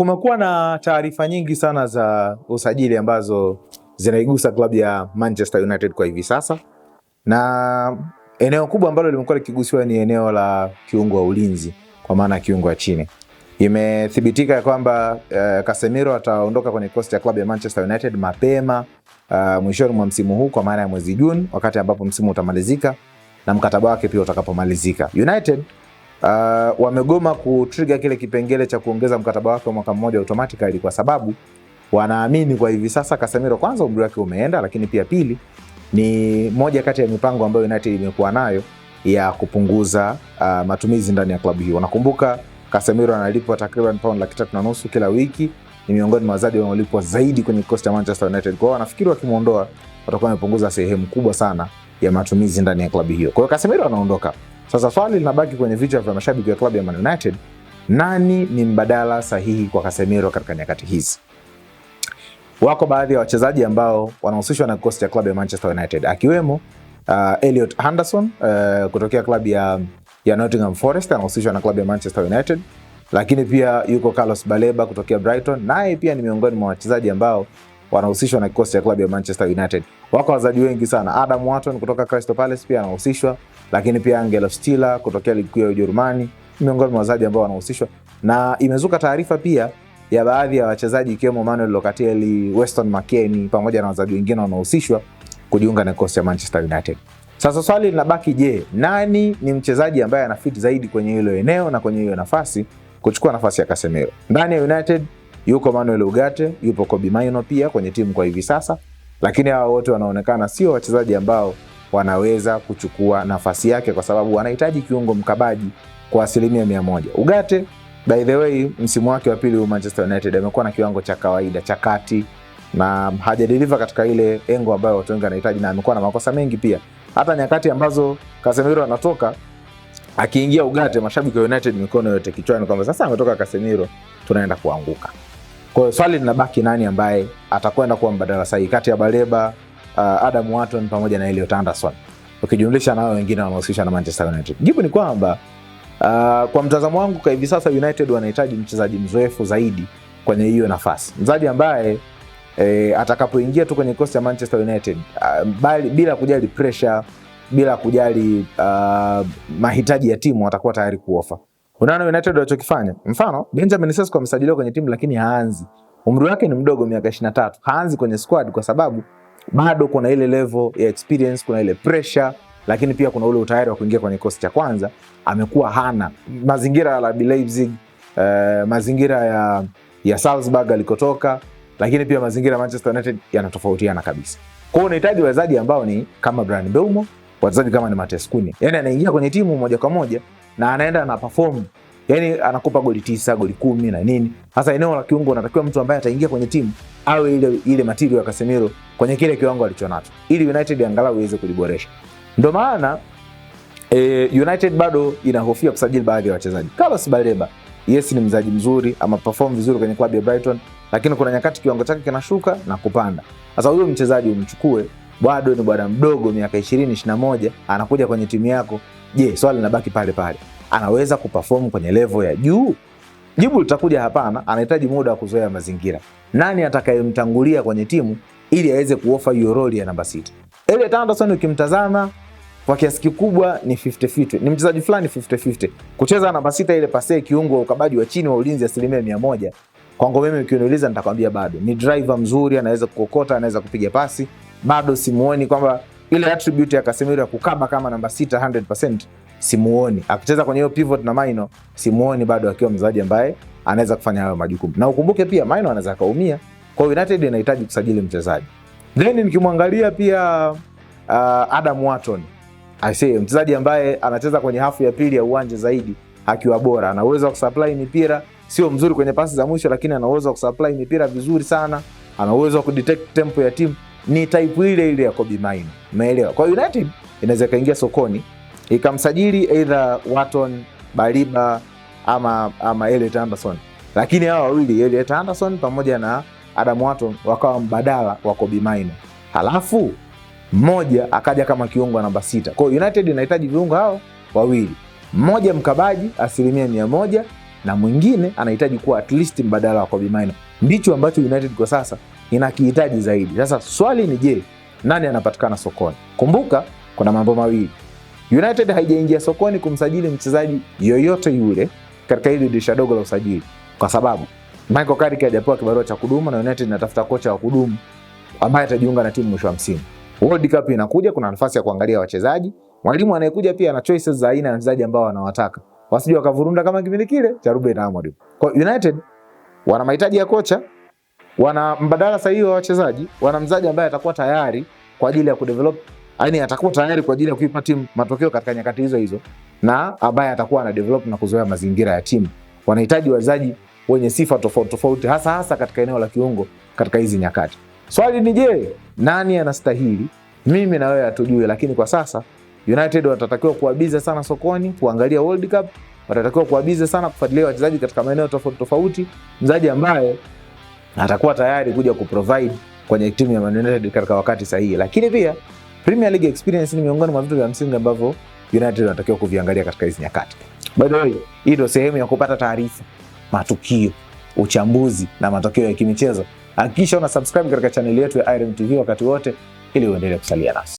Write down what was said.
Kumekuwa na taarifa nyingi sana za usajili ambazo zinaigusa klabu ya Manchester United kwa hivi sasa, na eneo kubwa ambalo limekuwa likigusiwa ni eneo la kiungo wa ulinzi, kwa maana ya kiungo wa chini. Imethibitika ya kwamba uh, Casemiro ataondoka kwenye kikosi cha klabu ya Manchester United mapema uh, mwishoni mwa msimu huu kwa maana ya mwezi Juni, wakati ambapo msimu utamalizika na mkataba wake pia utakapomalizika. United uh, wamegoma kutriga kile kipengele cha kuongeza mkataba wake wa mwaka mmoja automatically kwa sababu wanaamini kwa hivi sasa Casemiro kwanza umri wake umeenda, lakini pia pili ni moja kati ya mipango ambayo United imekuwa nayo ya kupunguza uh, matumizi ndani ya klabu hiyo. Unakumbuka Casemiro analipwa takriban pound laki tatu na nusu kila wiki, ni miongoni mwa wachezaji wanaolipwa zaidi kwenye kikosi cha Manchester United. Kwa hiyo wanafikiri wakimwondoa watakuwa wamepunguza sehemu kubwa sana ya matumizi ndani ya klabu hiyo. Kwa hiyo Casemiro anaondoka. Sasa swali linabaki kwenye vichwa vya mashabiki wa klabu ya Man United, nani ni mbadala sahihi kwa Casemiro katika nyakati hizi? Wako baadhi ya wa wachezaji ambao wanahusishwa na kikosi cha klabu ya Manchester United akiwemo uh, Elliot Henderson uh, kutokea klabu ya, ya Nottingham Forest anahusishwa na klabu ya Manchester United, lakini pia yuko Carlos Baleba kutokea Brighton, naye pia ni miongoni mwa wachezaji ambao wanahusishwa na kikosi cha klabu ya Manchester United. Wako wazaji wengi sana, Adam Wharton kutoka Crystal Palace pia anahusishwa lakini pia Angelo Stiller kutokea ligi kuu ya Ujerumani, miongoni mwa wachezaji ambao wanahusishwa, na imezuka taarifa pia ya baadhi ya wachezaji ikiwemo Manuel Locatelli, Weston McKennie pamoja na wachezaji wengine wanaohusishwa kujiunga na kikosi cha Manchester United. Sasa swali linabaki, je, nani ni mchezaji ambaye anafiti zaidi kwenye hilo eneo na kwenye hiyo nafasi kuchukua nafasi ya Casemiro? Ndani ya United yuko Manuel Ugarte, yupo Kobbie Mainoo pia kwenye timu kwa hivi sasa, lakini hawa wote wanaonekana sio wachezaji ambao wanaweza kuchukua nafasi yake, kwa sababu wanahitaji kiungo mkabaji kwa asilimia mia moja. Ugate by the way, msimu wake wa pili wa Manchester United amekuwa na kiwango cha kawaida cha kati na hajadeliver katika ile engo ambayo watu wengi wanahitaji, na amekuwa na makosa mengi pia. Hata nyakati ambazo Casemiro anatoka akiingia Ugate, mashabiki wa United mikono yote kichwani kwamba sasa ametoka Casemiro, tunaenda kuanguka. Kwa hiyo swali linabaki, nani ambaye atakwenda kuwa mbadala sahihi kati ya Baleba uh, Adam Wharton pamoja na Elliot Anderson ukijumlisha nao wengine wanaohusisha na Manchester United. Jibu ni kwamba uh, kwa mtazamo wangu kwa hivi sasa United wanahitaji mchezaji mzoefu zaidi kwenye hiyo nafasi, mchezaji ambaye e, atakapoingia tu kwenye kosi ya Manchester United uh, bali, bila kujali pressure bila kujali uh, mahitaji ya timu atakuwa tayari kuofa. Unaona United walichokifanya, mfano Benjamin Sesko amesajiliwa kwenye timu lakini haanzi, umri wake ni mdogo, miaka 23, haanzi kwenye squad kwa sababu bado kuna ile level ya experience, kuna ile pressure, lakini pia kuna ule utayari wa kuingia kwenye kikosi cha kwanza amekuwa hana. Mazingira ya RB Leipzig, eh, mazingira ya, ya Salzburg alikotoka, lakini pia mazingira ya Manchester United yanatofautiana kabisa. Kwa hiyo unahitaji wachezaji ambao ni kama Brian Mbeumo, wachezaji kama ni Mateus Cunha, yani anaingia kwenye timu moja kwa moja na anaenda na perform yani anakupa goli tisa goli kumi na nini. Hasa eneo la kiungo unatakiwa mtu ambaye ataingia kwenye timu awe ile, ile matirio ya Casemiro kwenye kile kiwango alichonacho ili United angalau iweze kujiboresha. Ndio maana e, United bado inahofia kusajili baadhi ya wachezaji. Carlos Baleba, yes ni mzaji mzuri, ama perform vizuri kwenye klabu ya Brighton, lakini kuna nyakati kiwango chake kinashuka na kupanda. Sasa huyo mchezaji umchukue, bado ni bwana mdogo, miaka 20 21, anakuja kwenye timu yako. Je, swali linabaki pale pale, anaweza kuperform kwenye level ya juu? Jibu litakuja hapana, anahitaji muda wa kuzoea mazingira. Nani atakayemtangulia kwenye timu ili aweze kuofa hiyo roli ya namba sita. Elliot Anderson ukimtazama kwa kiasi kikubwa ni 50-50. Ni mchezaji fulani 50-50. Kucheza namba sita ile pase kiungo wa ukabaji wa chini wa ulinzi asilimia mia moja. Kwangu mimi ukiniuliza nitakwambia bado. Ni driver mzuri, anaweza kukokota, anaweza kupiga pasi. Bado simuoni kwamba ile attribute ya Casemiro ya kukaba kama namba sita 100% simuoni. Akicheza kwenye hiyo pivot na Maino, simuoni bado akiwa mchezaji ambaye anaweza kufanya hayo majukumu. Na ukumbuke pia Maino anaweza kaumia. Kwa hiyo United inahitaji kusajili mchezaji. Then nikimwangalia pia uh, Adam Wharton I say mchezaji ambaye anacheza kwenye hafu ya pili ya uwanja zaidi akiwa bora, ana uwezo wa kusupply mipira, sio mzuri kwenye pasi za mwisho, lakini ana uwezo wa kusupply mipira vizuri sana, ana uwezo wa kudetect tempo ya timu. Ni type ile ile ya Kobbie Mainoo, umeelewa? Kwa hiyo United inaweza ikaingia sokoni ikamsajili either Wharton, Baliba ama ama Elliot Anderson, lakini hawa wawili Elliot Anderson pamoja na Adam Wharton wakawa mbadala wa Kobe Maino, halafu mmoja akaja kama kiungo namba sita. Kwa hiyo United inahitaji viungo hao wawili, mmoja mkabaji asilimia mia moja na mwingine anahitaji kuwa at least mbadala wa Kobe Maino. Ndicho ambacho United kwa sasa inakihitaji zaidi. Sasa swali ni je, nani anapatikana sokoni? Kumbuka kuna mambo mawili. United haijaingia sokoni kumsajili mchezaji yoyote yule katika hili dirisha dogo la usajili, kwa sababu Michael Carrick hajapewa kibarua cha kudumu na United inatafuta kocha wa kudumu ambaye atajiunga na timu mwisho wa msimu. World Cup inakuja, kuna nafasi ya kuangalia wachezaji. Mwalimu anayekuja pia ana choices za aina ya wachezaji ambao wanawataka. Wasije wakavurunda kama kipindi kile cha Ruben Amorim. Kwa United wana mahitaji ya kocha, wana mbadala sahihi wa wachezaji, wana mzaji ambaye atakuwa tayari kwa ajili ya kudevelop, yani atakuwa tayari kwa ajili ya kuipa timu matokeo katika nyakati hizo hizo na ambaye atakuwa ana develop na kuzoea mazingira ya timu. Wanahitaji wachezaji wenye sifa tofauti tofauti, hasa hasa katika eneo la kiungo katika hizi nyakati. Swali ni je, nani anastahili? Mimi na wewe hatujui, lakini kwa sasa United watatakiwa kuwabiza sana sokoni kuangalia World Cup, watatakiwa kuwabiza sana kufuatilia wachezaji katika maeneo tofauti tofauti, mchezaji ambaye atakuwa tayari kuja kuprovide kwenye timu ya Man United katika wakati sahihi. Lakini pia Premier League experience ni miongoni mwa vitu vya msingi ambavyo United wanatakiwa kuviangalia katika hizi nyakati. By the way, hii ndio sehemu ya kupata taarifa matukio, uchambuzi na matokeo ya kimichezo. Hakikisha una subscribe katika chaneli yetu ya Irem TV wakati wote, ili uendelee kusalia nasi.